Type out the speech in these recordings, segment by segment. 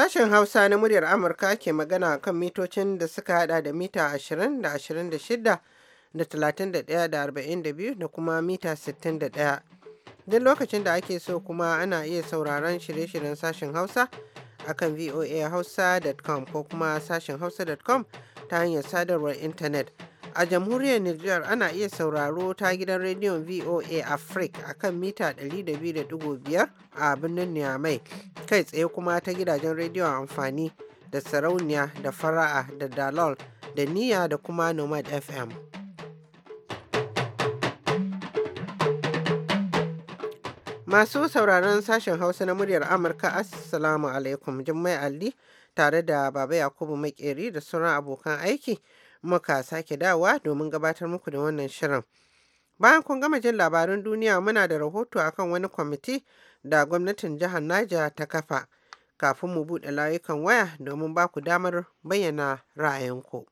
Sashen Hausa na muryar Amurka ke magana kan mitocin da suka hada da mita 20 da 26 da 31 da 42 da kuma mita 61. Duk lokacin da ake so kuma ana iya sauraron shirye-shiryen sashen Hausa akan voahausa.com ko kuma sashen hausa.com ta hanyar sadarwar intanet. A jamhuriyar Nijar ana iya sauraro ta gidan rediyon VOA Africa a kan mita 200.5 a birnin Niamey, kai tsaye kuma ta gidajen rediyon amfani da sarauniya da fara'a da dalol da niya da kuma nomad FM. Masu sauraron sashen Hausa na muryar Amurka, Assalamu alaikum, Jummai Ali tare da Baba Yakubu Makeri da sauran abokan aiki. muka sake dawa domin gabatar muku da wannan shirin. Bayan kun gama jin labarun duniya muna da rahoto akan wani kwamiti da gwamnatin jihar Naja ta kafa kafin mu buɗe layukan waya domin ba ku damar bayyana ra'ayinku.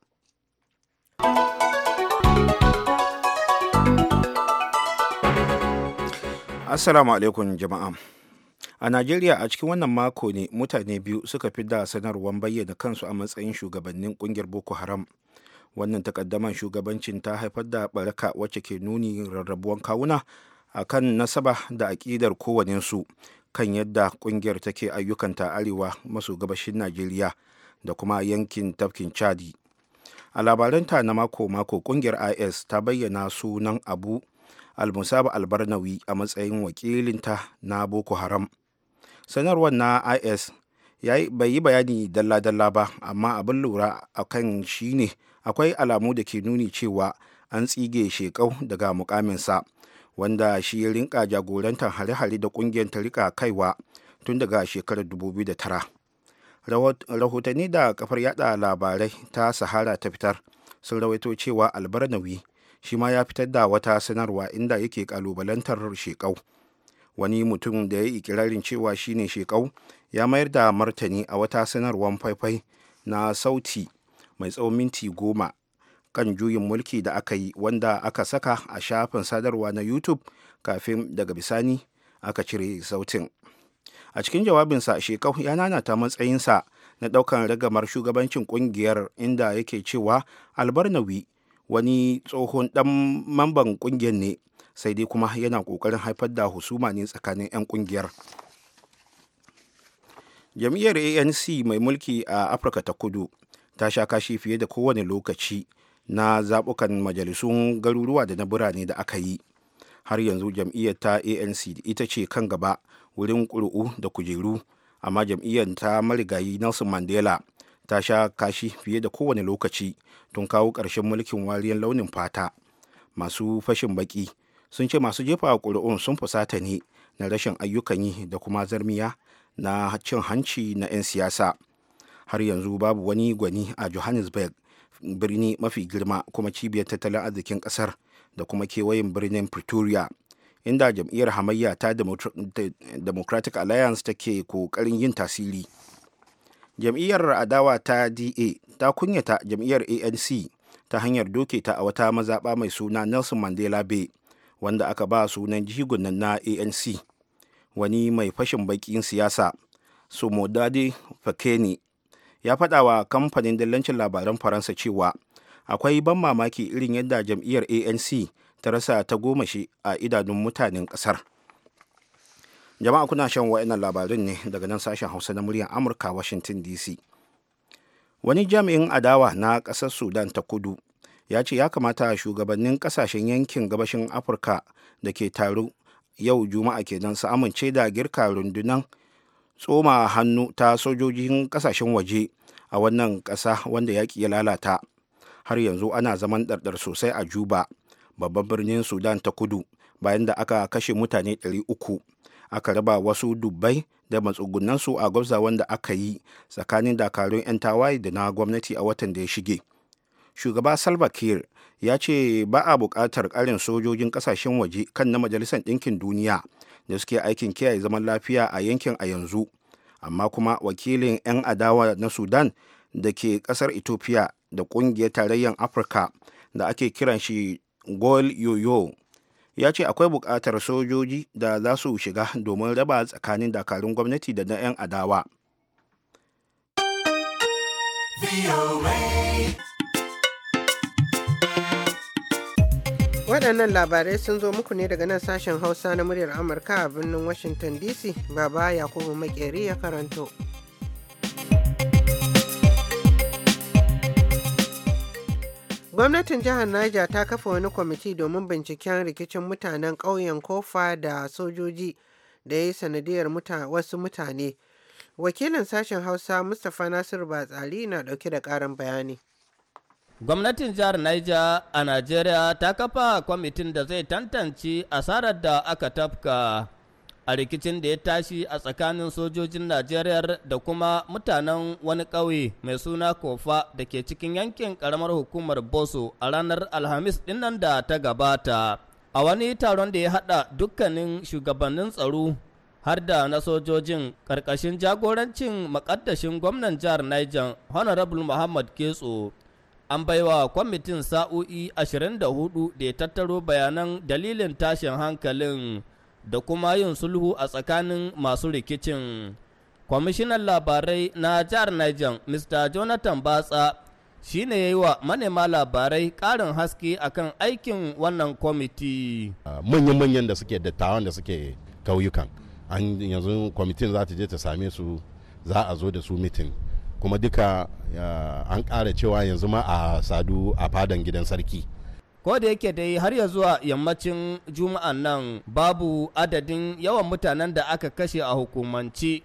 Assalamu alaikum jama'a. A Najeriya a cikin wannan mako ne mutane biyu suka fi da sanarwar bayyana kansu a matsayin shugabannin kungiyar Boko Haram. wannan takaddaman shugabancin ta haifar da baraka wacce ke nuni rarrabuwan kawuna a kan nasaba da aƙidar kowanensu kan yadda ƙungiyar take ayyukanta arewa maso gabashin najeriya da kuma yankin tafkin chadi a labaranta na mako-mako ƙungiyar is ta bayyana sunan abu almusaba albarnawi a matsayin wakilinta na boko haram sanarwar na is bai yi bayani dalla-dalla ba amma abin lura a kan shi ne akwai alamu da ke nuni cewa an tsige shekau daga mukaminsa wanda shi ya rinka jagorantar hare-hare da kungiyar ta rika kaiwa tun daga shekarar 2009 rahotanni da kafar yada labarai ta sahara ta fitar sun rawaito cewa albarnawi shi ma ya fitar da wata sanarwa inda yake kalubalantar shekau wani mutum da ya yi ikirarin cewa shine shekau ya mayar da martani a wata sanarwar faifai na sauti mai tsawon minti goma kan juyin mulki da aka yi wanda aka saka a shafin sadarwa na youtube kafin daga bisani aka cire sautin a cikin jawabinsa shekau ya nanata matsayinsa na ɗaukan ragamar shugabancin ƙungiyar inda yake cewa albarnawi wani tsohon ɗan mamban ƙungiyar ne sai dai kuma yana ƙoƙarin haifar da husuma ne tsakanin 'yan ƙungiyar jam'iyyar anc mai mulki a afirka ta kudu ta sha kashi fiye da kowane lokaci na zaɓukan majalisun garuruwa da na birane da aka yi har yanzu jam'iyyar ta anc ita ce kan gaba wurin ƙuri'u da kujeru amma jam'iyyar ta marigayi nelson mandela ta sha kashi fiye da kowane lokaci tun kawo ƙarshen mulkin wariyar launin fata masu fashin baki sun ce masu jefa ƙuri'un sun fusata ne na rashin ayyukan yi da kuma zarmiya na cin hanci na 'yan siyasa har yanzu babu wani gwani a johannesburg birni mafi girma kuma cibiyar tattalin arzikin kasar da kuma kewayen birnin pretoria inda jam'iyyar hamayya ta democratic alliance take kokarin yin tasiri jam'iyyar adawa ta da ta kunyata jam'iyyar anc ta hanyar doke ta a wata mazaɓa mai suna nelson mandela bay wanda aka ba sunan jigunan na anc wani mai fashin bakin siyasa sumodadi fakeni ya faɗa wa kamfanin dillancin labaran faransa cewa akwai ban mamaki irin yadda jam'iyyar anc ta rasa ta goma shi a idanun mutanen ƙasar jama'a kuna shan wa'annan labarin ne daga nan sashen hausa na muryar amurka washington dc wani jami'in adawa na ƙasar sudan ta kudu ya ce ya kamata shugabannin ƙasashen yankin gabashin afirka da ke taru yau juma'a kenan su amince da girka rundunan tsoma hannu ta sojojin kasashen waje a wannan ƙasa wanda yaƙi ya lalata har yanzu ana zaman ɗarɗar sosai a juba babban birnin sudan ta kudu bayan da aka kashe mutane 300 aka raba wasu dubbai da matsugunansu a gwabza wanda aka yi tsakanin dakarun 'yan tawaye da na gwamnati a watan da ya shige. shugaba salva kiir ya ce ba a buƙatar ƙarin sojojin ƙasashen waje kan na majalisar ɗinkin duniya da suke aikin kiyaye zaman lafiya a yankin a yanzu amma kuma wakilin 'yan adawa na sudan da ke ƙasar ethiopia da ƙungiyar tarayyar afirka da ake kiran shi gol yoyo ya ce akwai buƙatar sojoji da za su shiga domin raba tsakanin dakarun gwamnati da na 'yan adawa. Waɗannan labarai sun zo muku ne daga nan sashen Hausa na muryar Amurka a birnin Washington DC, Baba Yakubu Makeri ya karanto. Gwamnatin jihar Niger ta kafa wani kwamiti domin binciken rikicin mutanen ƙauyen Kofa da sojoji da ya yi sanadiyar wasu mutane. Wakilin sashen Hausa Mustapha Nasiru Batsali na ɗauke da ƙarin bayani. Gwamnatin jihar Niger a Najeriya ta kafa kwamitin da zai tantance asarar da aka tafka a rikicin da ya tashi a tsakanin sojojin Najeriya da kuma mutanen wani ƙauye mai suna Kofa da ke cikin yankin ƙaramar hukumar Boso a ranar Alhamis dinnan da ta gabata. A wani taron da ya haɗa dukkanin shugabannin tsaro har da na sojojin ƙarƙashin jagorancin makaddashin gwamnan jihar Niger Honorable Muhammad Ketso. an baiwa kwamitin sa'o'i 24 da ya tattaro bayanan dalilin tashin hankalin da kuma yin sulhu a tsakanin masu rikicin. Kwamishinan labarai na jihar Niger, Mr. Jonathan Batsa, shi ne ya yi wa manema labarai karin haske akan aikin wannan kwamiti. Manyan-manyan da suke dattawan da suke kauyukan, an yanzu kwamitin za ta je ta same su za a zo da su mitin. kuma duka an ƙara cewa yanzu ma a sadu a fadan gidan sarki ko da yake dai har ya zuwa yammacin juma'an nan babu adadin yawan mutanen da aka kashe a hukumance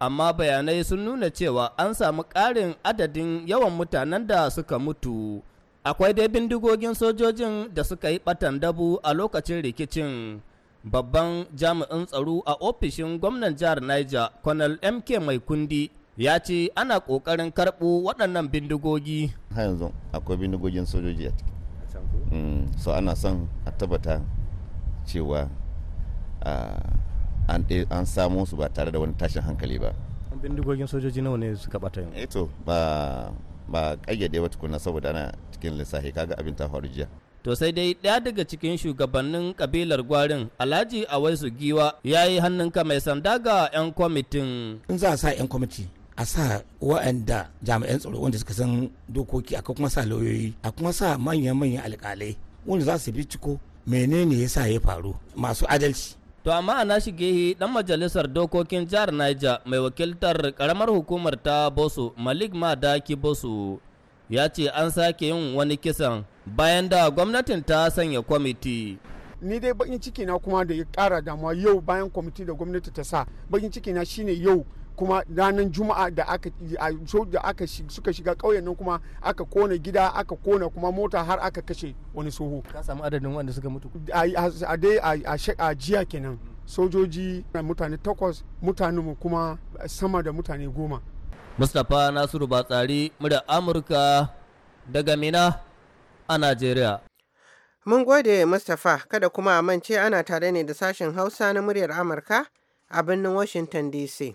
amma bayanai sun nuna cewa an samu ƙarin adadin yawan mutanen da suka mutu akwai dai bindigogin sojojin da suka yi ɓatan dabu a lokacin rikicin babban jami'in tsaro a ofishin gwamnan jihar niger colonel mk mai kundi ya ce ana ƙoƙarin karɓo waɗannan bindigogi har yanzu akwai bindigogin sojoji a ciki mm, so ana son a tabbata cewa an samo su ba tare da wani tashin hankali ba bindigogin sojoji nawa ne suka bata yanzu eto eh ba ba kayyade wata kuna saboda ana cikin lissafi kaga abin ta faru jiya to sai dai ɗaya daga cikin shugabannin kabilar gwarin alhaji awaisu giwa ya yi hannun ka mai sanda ga 'yan kwamitin in za a sa 'yan kwamiti a sa wa'anda jami'an tsaro wanda suka san dokoki a kuma sa lauyoyi a kuma sa manya-manyan alkalai wanda za su binciko menene ya sa ya faru masu adalci To amma ana shige dan majalisar dokokin jihar Niger mai wakiltar karamar hukumar ta bosu Malik Madaki bosu ya ce an sake yin wani kisan bayan da gwamnatin ta sanya kwamiti. Ni dai bakin ciki na kuma da ya kara damuwa yau bayan kwamiti da gwamnati ta sa bakin ciki na shine yau kuma ranar juma'a da aka da aka suka shiga ƙauyen nan kuma aka kona gida aka kona kuma mota har aka kashe wani soho ka samu adadin wanda suka mutu a dai a jiya kenan sojoji mutane takwas mutanenmu kuma sama da mutane goma mustapha nasiru batsari murya amurka daga mina a najeriya mun gode mustapha kada kuma a mance ana tare ne da sashen hausa na muryar amurka a birnin washington dc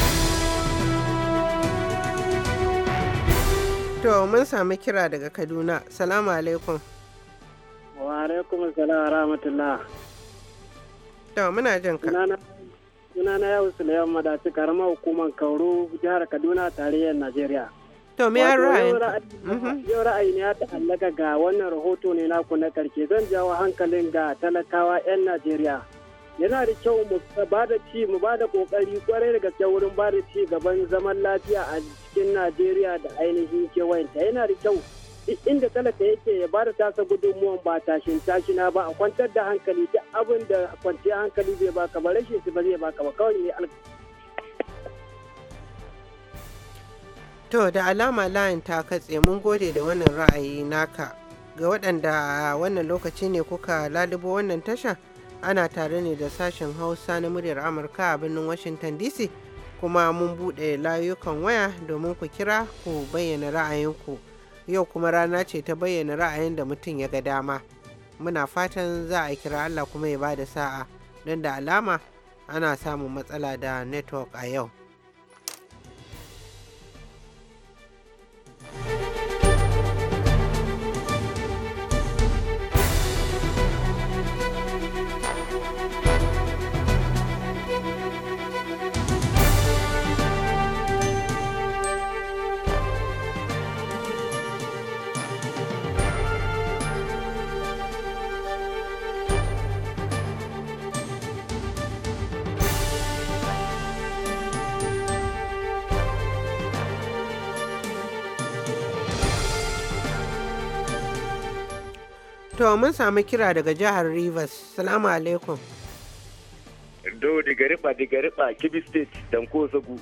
To mun sami kira daga Kaduna. Salamu alaikum. Wa alaikum salam rahmatullah. To muna jin ka. na yau layan Madaci karamar hukumar Kauru jihar Kaduna tarayyar Najeriya. To me ya ra'ayin? Mhm. Yau ra'ayi ne ya ta'allaka ga wannan rahoto ne naku na karshe zan jawo hankalin ga talakawa 'yan Najeriya. yana da kyau mu ba da ci mu ba da kokari kwarai daga gaske wurin ba da ci gaban zaman lafiya a cikin najeriya da ainihin kewayenta yana da kyau inda talaka yake ya bada tasa gudunmuwan ba tashin tashina ba a kwantar da hankali duk abin da kwanciyar hankali zai baka ba rashin su ba zai baka ba kawai ne To da alama layin ta katse mun gode da wannan ra'ayi naka ga waɗanda wannan lokaci ne kuka lalubo wannan tasha ana tare ne da sashen hausa na muryar amurka a birnin washington dc kuma mun buɗe layukan waya domin ku kira ku bayyana ra'ayinku yau kuma rana ce ta bayyana ra'ayin da mutum ya ga dama muna fatan za a kira allah kuma ya ba da sa'a don da alama ana samun matsala da network a yau To mun samu kira daga jihar Rivers. Salamu alaikum. Do diga riba diga riba Kibi State ko Zagu.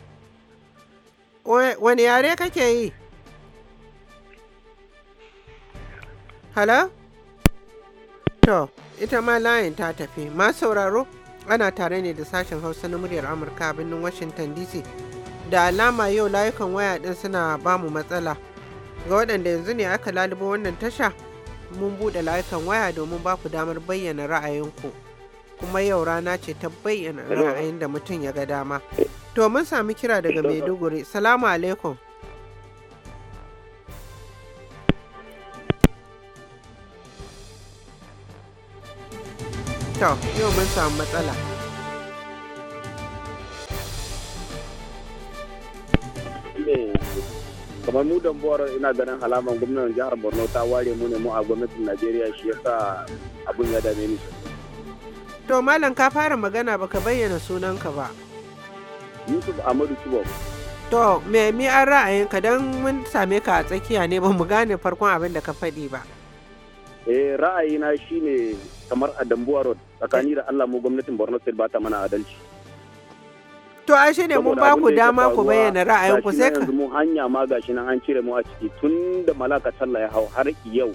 Wani yare kake yi? Hala? To, ita ma layin ta tafi. Ma sauraro, ana tare ne da sashen Hausa na muryar Amurka a birnin Washington DC. Da alama yau layukan waya din suna bamu matsala. Ga waɗanda yanzu ne aka lalubo wannan tasha. mun buɗe layukan waya domin ba ku damar bayyana ra'ayinku kuma yau rana ce ta bayyana ra'ayin da mutum ya ga dama to mun sami kira daga maiduguri salamu alaikum to yau mun samu matsala you. kamar mu da ina ganin halaman gwamnatin jihar borno ta ware mu ne mu a gwamnatin najeriya shi yasa abun ya dame ni to malam ka fara magana baka bayyana sunanka ba yusuf amadu kibo to me mi an ra'ayinka don mun same ka a tsakiya ne ba mu gane farkon abin da ka faɗi ba eh ra'ayina shine kamar a dambuwar road tsakani da allah mu gwamnatin borno state ba ta mana adalci To shi ne mun ba ku dama ku bayyana ra'ayinku sai ka. Yanzu hanya ma gashi nan an cire mu a ciki tun da malaka sallah ya hau har yau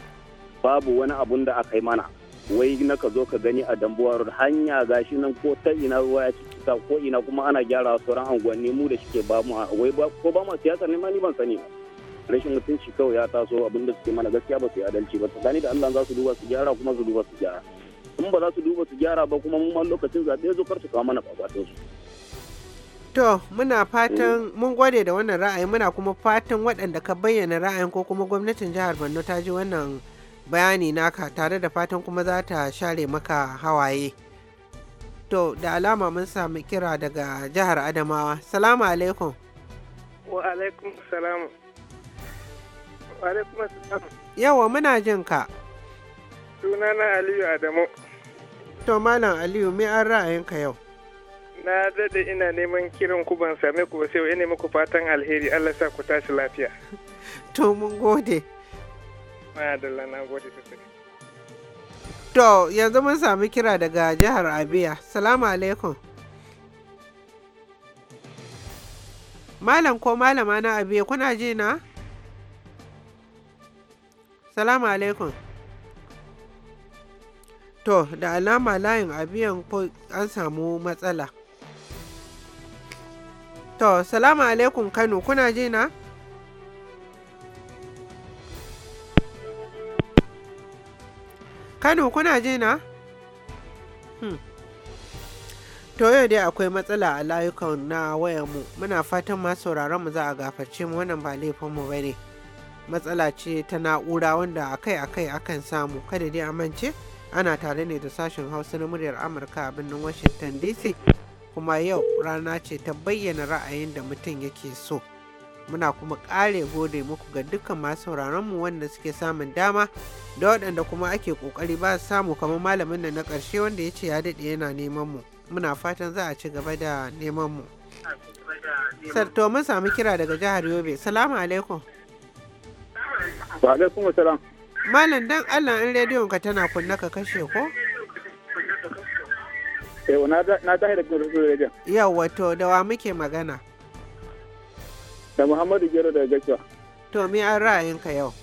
babu wani abun da aka yi mana. Wai na ka zo ka gani a dambuwar hanya gashi nan ko ta ina ruwa ya ciki ta ko ina kuma ana gyara sauran anguwanni mu da shike ba mu wai ko ba mu siyasa ne ma ni ban sani ba. Rashin mutunci kawai ya taso abin da suke mana gaskiya ba su yi adalci ba tsakani da Allah za su duba su gyara kuma su duba su gyara. In ba za su duba su gyara ba kuma mun ma lokacin zaɓe zo kar su kawo mana ba su. To muna fatan mun gode da wannan ra'ayi muna kuma fatan waɗanda ka bayyana ra'ayin ko kuma gwamnatin jihar Borno ta ji wannan bayani naka tare da fatan kuma za ta share maka hawaye. To da alama mun sami kira daga jihar Adamawa. Salamu alaikum. Wa alaikum salamu. Wa alaikum salamu. Yawa muna jin ka. Sunana Aliyu Adamu. To Malam Aliyu me an ra'ayinka yau? na daɗe ina neman kiran ku ban same ku ba sai ina muku fatan alheri Allah sa ku tashi lafiya to mun gode madalla na gode sosai to yanzu mun sami kira daga jihar Abia salamu alaikum malam ko malama na Abia kuna ji na salamu alaikum to da alama layin abiyan an samu matsala To, salamu alaikum Kano, kuna ji na? Kano, kuna ji na? Hmm. To yau dai akwai matsala a layukan na wayarmu, muna fatan masu mu za a gafarce mu wannan ba laifinmu ba ne. Matsala ce ta na'ura wanda akai-akai akan samu, kada dai amince ana tare ne da sashen hausa na muryar Amurka a birnin Washington DC. kuma yau rana ce ta bayyana ra'ayin da mutum yake so muna kuma kare gode muku ga dukkan masu mu wanda suke samun dama da waɗanda kuma ake ƙoƙari ba samu kamar malamin na na ƙarshe wanda ya ce ya daɗe yana neman mu muna fatan za a ci gaba da neman mu sarto mun samu kira daga jihar yobe salamu alaikum wa alaikum salam malam dan allah in rediyon ka tana kunna ka kashe ko Yau eh, na tashi da Yau wato da wa muke magana? Da Muhammadu Gero daga Gashuwa. To mi an ka yau?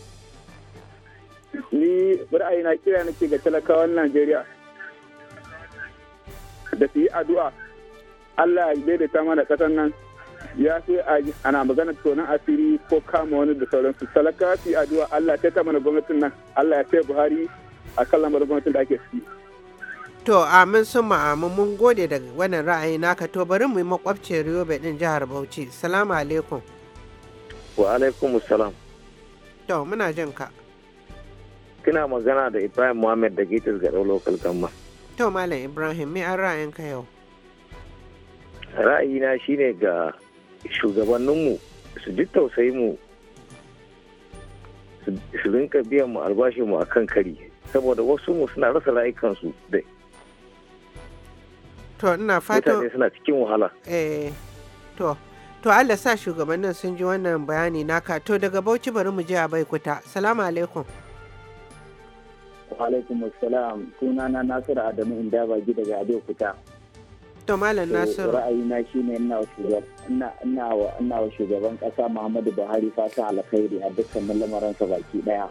Ni ra'ayi na kira nake ga talakawan Najeriya. Da su yi addu'a. Allah ya da ta mana ƙasar nan. ya ce ana magana tonan asiri ko kama wani da sauransu talaka su yi addu'a Allah ta mana gwamnatin nan Allah ya ce Buhari a kan lamarin gwamnatin da ake su To amin sun ma'amu mun gode da wannan ra'ayi ka, to bari mu yi makwabcin Yobe din jihar Bauchi. Salamu alaikum. Wa alaikum salam. To muna jin ka. Kina magana da Ibrahim Muhammad da Gitis ga Local Gamma. To Malam Ibrahim me an ka yau? Ra'ayina shine ga shugabanninmu su ji tausayi mu su rinka biyan mu albashin mu kan kari saboda wasu mu suna rasa rayukansu da to ina fata mutane suna cikin wahala eh to to Allah sa shugabannin sun ji wannan bayani naka to daga Bauchi bari mu je a Baikuta salamu alaikum wa alaikum assalam sunana Nasiru Adamu Indabagi daga Abeokuta to malam Nasiru ra'ayina shine ina wa shugaban ina ina shugaban kasa Muhammadu Buhari fata alkhairi a dukkan lamaransa baki daya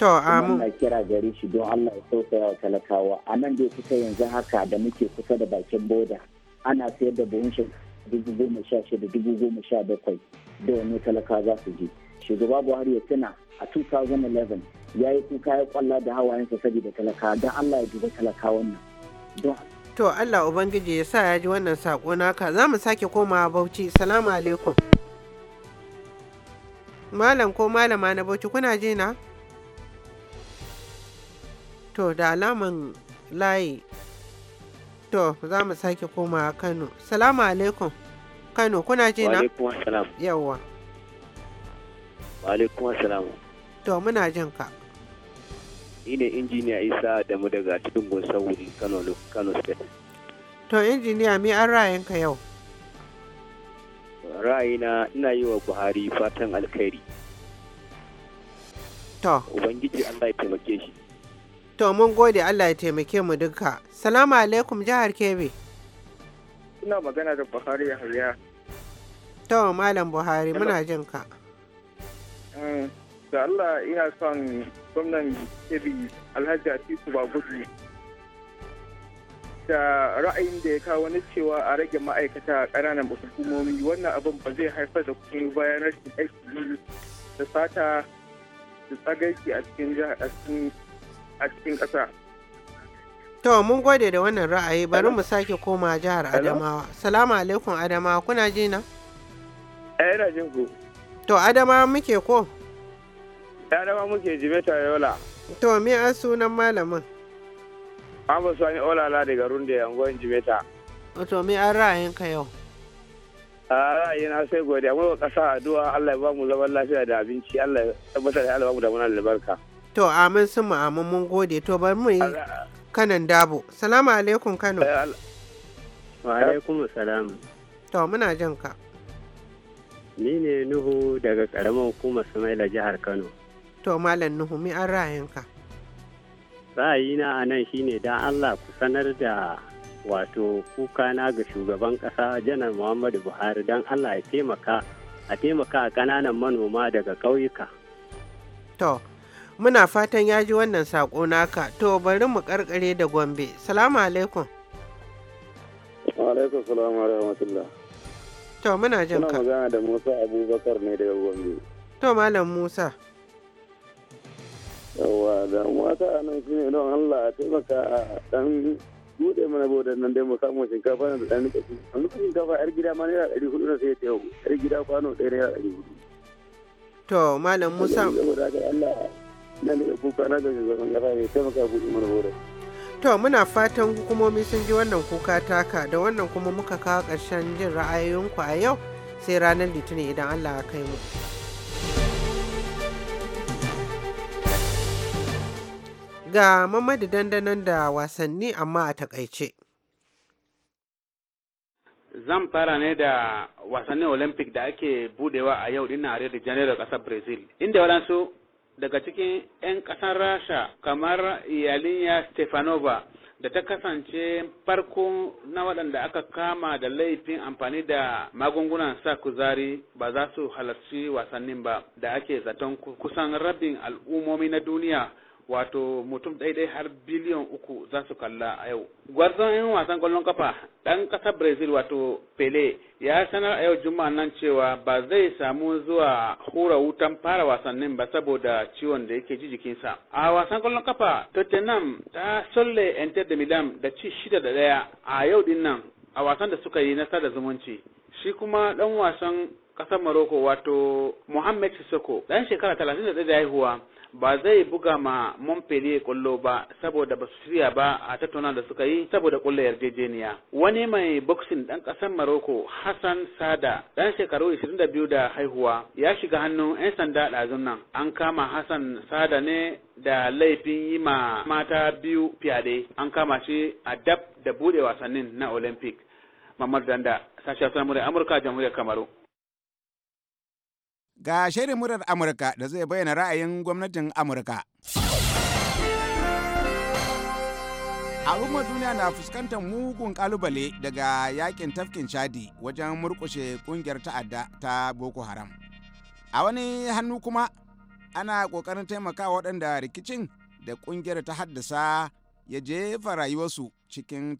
To na kira gare shi don Allah ya sauka wa talakawa. A nan dai kusa yanzu haka da muke kusa da bakin boda. Ana sayar da buhun dubu goma sha shida dubu goma sha bakwai da wani talakawa za su je. Shugaba Buhari ya tuna a 2011 ya yi kuka ya kwalla da hawayensa saboda talakawa don Allah ya duba talakawan nan. Don To Allah Ubangiji ya sa ya ji wannan sako naka za mu sake komawa Bauchi. Salamu alaikum. Malam ko malama na Bauchi kuna ji na? to da alaman layi to za mu sake koma a kano salamu alaikum kano kuna ji na yawwa alaikum salam. to muna jin ka ni ne injiniya isa da mu daga tudun sauri kano kano state to injiniya mi an ra'ayinka yau ra'ayina ina yi wa buhari fatan alkhairi to ubangiji allah ya taimake shi To mun gode Allah ya taimake mu duka. Salamu alaikum jihar Kebbi. Ina magana da Buhari hariya. To Malam Buhari muna jin ka. Eh, da Allah ina son gwamnan Kebbi Alhaji Atiku Bagudu da ra'ayin da ya kawo na cewa a rage ma'aikata a ƙananan hukumomi wannan abin ba zai haifar da kuma bayan rashin aiki da sata da tsagaiki a cikin a cikin ƙasa. To mun gode da wannan ra'ayi bari mu sake koma jihar Adamawa. Salamu alaikum Adamawa kuna ji na? Eh ina jin ku. To Adamawa muke ko? Adamawa muke jibe ta yola. To me an sunan malamin? su Sani Olala daga Runde Yangon Jimeta. To me an ra'ayin ka yau? A ra'ayi na, sai godiya mu ƙasa addu'a Allah ya ba mu zaman lafiya da abinci Allah ya tabbatar da Allah ba mu da muna albarka. to amin sun mu amin mun gode to bar mu yi kanan dabo salamu alaikum kano eh, wa alaikum salam to muna jin ka ni ne nuhu daga karamar hukumar Sumaila jihar kano to malam nuhu mi an ka. ra'ayina a nan shine dan allah ku sanar da wato kuka na ga shugaban kasa janar muhammadu buhari don allah ya taimaka a taimaka a kananan manoma daga ƙauyuka to Muna fatan ya ji wannan saƙo naka, to bari mu karkare da Gombe. Salamu alaikum. Alaikum salam wa rahmatullah. To muna jin ka. magana da Musa Abubakar ne daga Gombe. To Malam Musa. yawa da mata nan shi ne don Allah a taimaka a ɗan buɗe mana bodan nan dai mu samu shinkafa da ɗan rikaci. A lokacin shinkafa yar gida ma naira ɗari hudu na sai ta yau. Yar gida kwano ɗaya naira ɗari hudu. To Malam Musa. to muna fatan hukumomi sun ji wannan kuka taka da wannan kuma muka kawo ƙarshen jin ra'ayoyinku a yau sai ranar litinin idan allah ya kai mu ga mamadi dandanon da wasanni amma a takaice zan fara ne da wasannin olympic da ake budewa a yau dinnan a rio de janeiro kasar brazil inda waɗansu daga cikin 'yan ƙasar rasha kamar yalinya stefanova da ta kasance farko na waɗanda aka kama da laifin amfani da magungunan sa kuzari ba za su halarci wasannin ba da ake zaton kusan rabin al'ummomi na duniya wato mutum ɗaiɗai har biliyan uku za su kalla a yau. Gwarzon yin wasan kwallon kafa ɗan ƙasar Brazil wato Pele ya sanar a yau juma'a nan cewa ba zai samu zuwa hura wutan fara wasannin ba saboda ciwon da yake ji jikinsa. A wasan kwallon kafa Tottenham ta solle Inter de Milan da ci shida da daya a yau din nan a wasan da suka yi na sada zumunci. Shi kuma ɗan wasan kasar maroko wato Mohamed Sissoko dan shekara 31 da haihuwa ba zai buga ma Montpellier kullo ba saboda ba su shirya ba a tattauna da suka yi saboda kullo yarjejeniya. Wani mai boxing dan kasar maroko Hassan Sada dan shekaru 22 da haihuwa ya shiga hannun 'yan sanda ɗazun nan. An kama Hassan Sada ne da laifin yi ma mata biyu fyaɗe. An kama shi a dab da buɗe wasannin na Olympic. mamadu Danda, sashen samurai Amurka, Jamhuriyar Kamaru. Ga shirin murar Amurka da zai bayyana ra'ayin gwamnatin Amurka. al'ummar duniya na fuskantar mugun kalubale daga yakin tafkin chadi wajen murkushe kungiyar ta'adda ta boko haram a wani hannu kuma ana kokarin taimakawa waɗanda rikicin da kungiyar ta haddasa ya jefa rayuwarsu cikin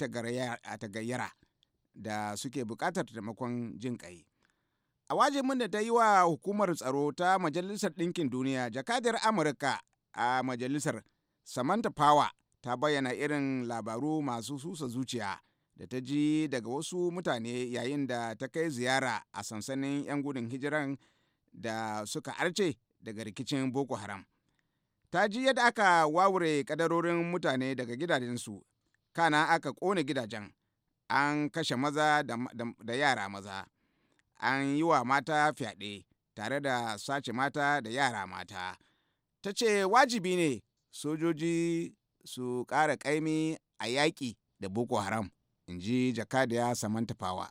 tagayyara da suke buƙatar taimakon jin ƙai a wajen wajibin da ta yi wa hukumar tsaro ta majalisar ɗinkin duniya jakadiyar amurka a majalisar samantha power ta bayyana irin labaru masu susa zuciya da ta ji daga wasu mutane yayin da ta kai ziyara a sansanin 'yan gudun hijiran da suka arce daga rikicin boko haram ta ji yadda aka wawure kadarorin mutane daga gidajensu kana aka ƙone gidajen an kashe maza da yara maza. an yi wa mata fyaɗe tare da sace mata da yara mata ta ce wajibi ne sojoji su ƙara ƙaimi a yaƙi da boko haram in ji jakadiya samanta fawa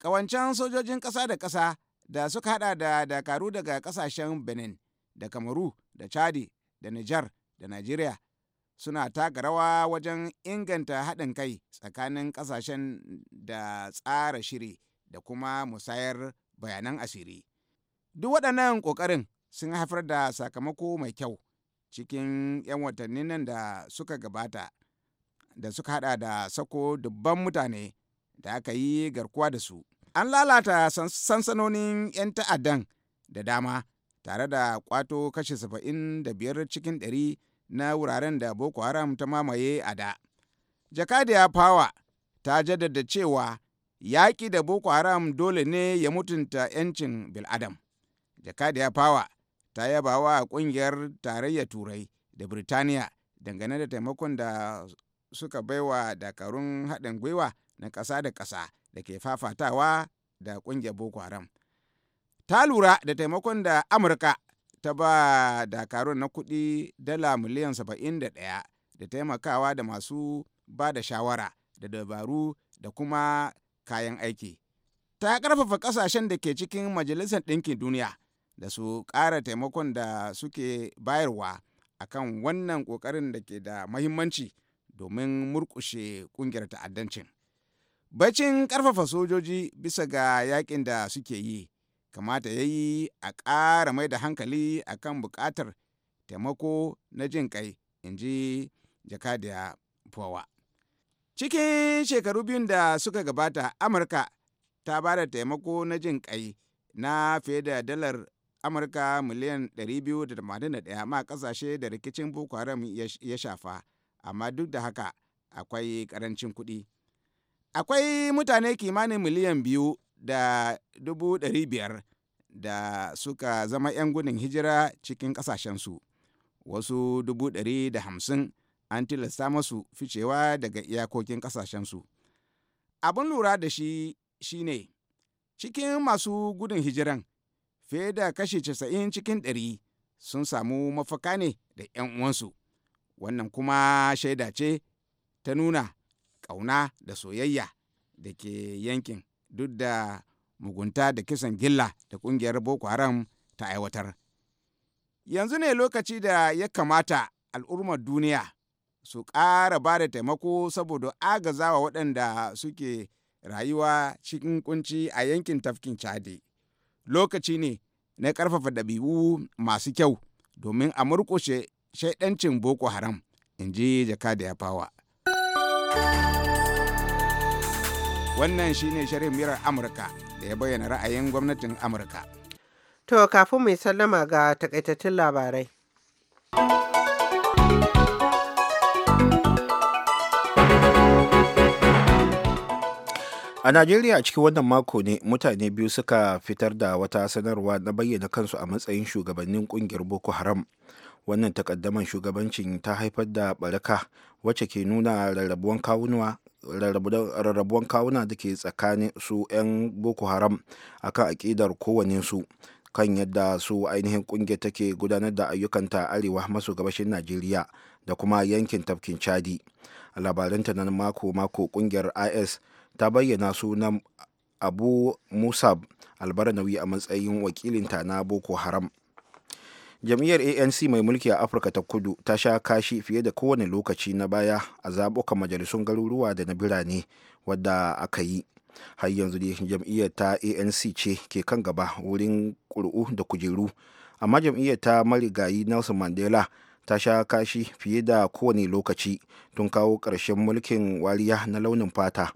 ƙawancen sojojin ƙasa da ƙasa da suka haɗa da dakaru daga ƙasashen benin da kamaru da chadi da nijar da najeriya suna taka rawa wajen inganta haɗin kai tsakanin ƙasashen da tsara shiri da kuma musayar bayanan asiri. Duk waɗannan ƙoƙarin sun haifar da sakamako mai kyau cikin 'yan watannin nan da suka gabata da suka hada da sako dubban mutane da aka yi garkuwa da su. An lalata sansanonin 'yan ta'addan da dama tare da kwato kashe saba'in da biyar cikin ɗari na wuraren da Boko Haram ta mamaye a da. Jakadiya Fawa ta jaddada cewa yaƙi da boko haram dole ne ya mutunta 'yancin bil'adam jakadiya fawa ta yaba wa ƙungiyar tarayyar turai da birtaniya dangane da taimakon da suka baiwa dakarun haɗin gwiwa na ƙasa da ƙasa da ke fafatawa da ƙungiyar boko haram ta lura da taimakon da amurka ta ba dakarun na kuɗi dala miliyan 71 da taimakawa da masu ba da shawara da dabaru da kuma kayan aiki ta ƙarfafa ƙasashen da ke cikin majalisar ɗinkin duniya da su ƙara taimakon da suke bayarwa akan wannan ƙoƙarin da ke da mahimmanci domin murƙushe ƙungiyar ta'addancin bacin ƙarfafa sojoji bisa ga yaƙin da suke yi kamata ya yi a ƙara mai da hankali akan buƙatar taimako na jin kai in ji jakadiya fowa Cikin shekaru biyun da suka gabata, Amurka ta ba da taimako na jin ƙai na fiye da dalar Amurka miliyan 281 ma kasashe da rikicin Boko Haram ya shafa, amma duk da haka akwai ƙarancin kuɗi. Akwai mutane kimanin miliyan biyu da dubu biyar da suka zama 'yan gudun hijira cikin ƙasashensu, wasu dubu da hamsin an tilasta masu ficewa daga iyakokin ƙasashensu abin lura da shi shine cikin masu gudun hijiran fiye da kashi casa'in cikin ɗari sun samu mafaka ne da 'yan uwansu wannan kuma shaida ce ta nuna ƙauna da soyayya da ke yankin duk da mugunta da kisan gilla da ƙungiyar boko haram ta aiwatar yanzu ne lokaci da ya kamata al'ummar duniya su ƙara ba da taimako saboda agazawa waɗanda suke rayuwa cikin kunci a yankin tafkin chade lokaci ne na ƙarfafa ɗabi'u masu kyau domin a murƙushe shaidancin boko haram in ji jaka da ya fawa wannan shi ne shirin mirar amurka da ya bayyana ra'ayin gwamnatin amurka to kafin mai sallama ga takaitattun labarai a najeriya a cikin wannan mako ne mutane biyu suka fitar da wata sanarwa na bayyana kansu a matsayin shugabannin kungiyar boko haram wannan takaddaman shugabancin ta haifar da baraka wacce ke nuna rarrabuwan kawunuwa rarrabuwan kawuna da ke tsakanin su 'yan boko haram akan aƙidar su kan yadda su ainihin kungiyar take gudanar da ayyukanta arewa maso gabashin najeriya da kuma yankin tafkin chadi a labaranta na mako-mako kungiyar is ta bayyana sunan abu musab albaranawi a matsayin wakilinta na boko haram jam'iyyar anc mai mulki a afirka ta kudu ta sha kashi fiye da kowane lokaci na baya a zaɓuka majalisun garuruwa da na birane wadda aka yi har yanzu dai jam'iyyar ta anc ce ke kan gaba wurin ƙuri'u da kujeru amma jam'iyyar ta marigayi nelson mandela ta sha kashi fiye da kowane lokaci tun kawo ƙarshen mulkin wariya na launin fata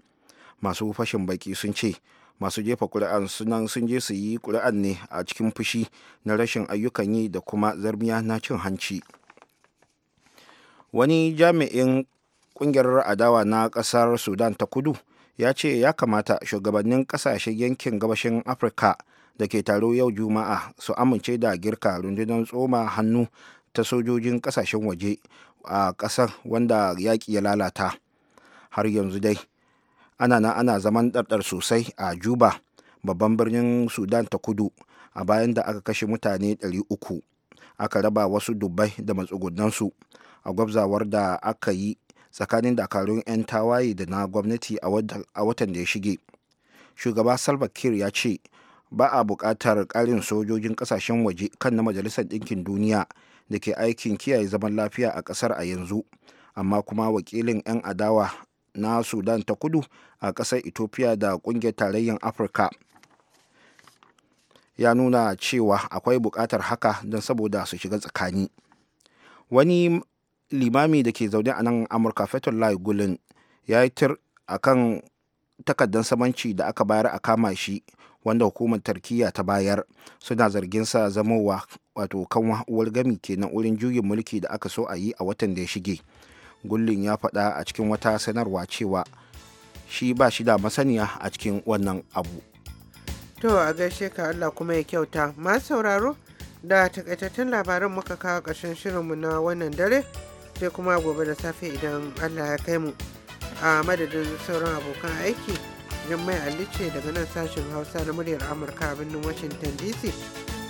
masu fashin baki sun ce masu jefa kuri'an sunan sun je su yi kuri'an ne a cikin fushi na rashin ayyukan yi da kuma zarmiya na cin hanci wani jami'in kungiyar adawa na kasar sudan ta kudu ya ce ya kamata shugabannin kasashen yankin gabashin afirka da ke taro yau juma'a su amince da girka rundunar tsoma hannu ta sojojin kasashen waje a ƙasar wanda yaƙi ya lalata har yanzu dai ana nan ana zaman ɗarɗar sosai a juba babban birnin sudan ta kudu a bayan da aka kashe mutane 300 aka raba wasu dubbai da matsugunansu a gwabzawar da aka yi tsakanin dakarun 'yan tawaye da na gwamnati a watan da ya shige shugaba salva kir ya ce ba a buƙatar ƙarin sojojin ƙasashen waje kan na majalisar ɗinkin duniya da ke aikin kiyaye zaman lafiya a ƙasar a yanzu amma kuma wakilin 'yan adawa na sudan ta kudu a ƙasar ethiopia da ƙungiyar tarayyar afirka ya nuna cewa akwai buƙatar haka don saboda su shiga tsakani wani limami da ke zaune a nan amurka fetullah gulin ya yi tir a kan takardar samanci da aka bayar a kama shi wanda hukumar turkiya ta bayar suna zargin sa zamowa wato kan uwar gami kenan wurin juyin mulki da aka so a yi a watan da ya shige gullin ya faɗa a cikin wata sanarwa cewa shi ba shi da masaniya a cikin wannan abu to a gaishe ka allah kuma ya kyauta ma sauraro da takaitaccen labaran muka kawo ƙarshen shirinmu na wannan dare sai kuma gobe da safe idan allah ya kai mu a madadin sauran abokan aiki mai alice daga nan sashen hausa na muryar amurka a birnin washington dc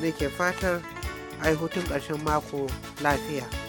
da ke fatar ai hutun ƙarshen mako lafiya.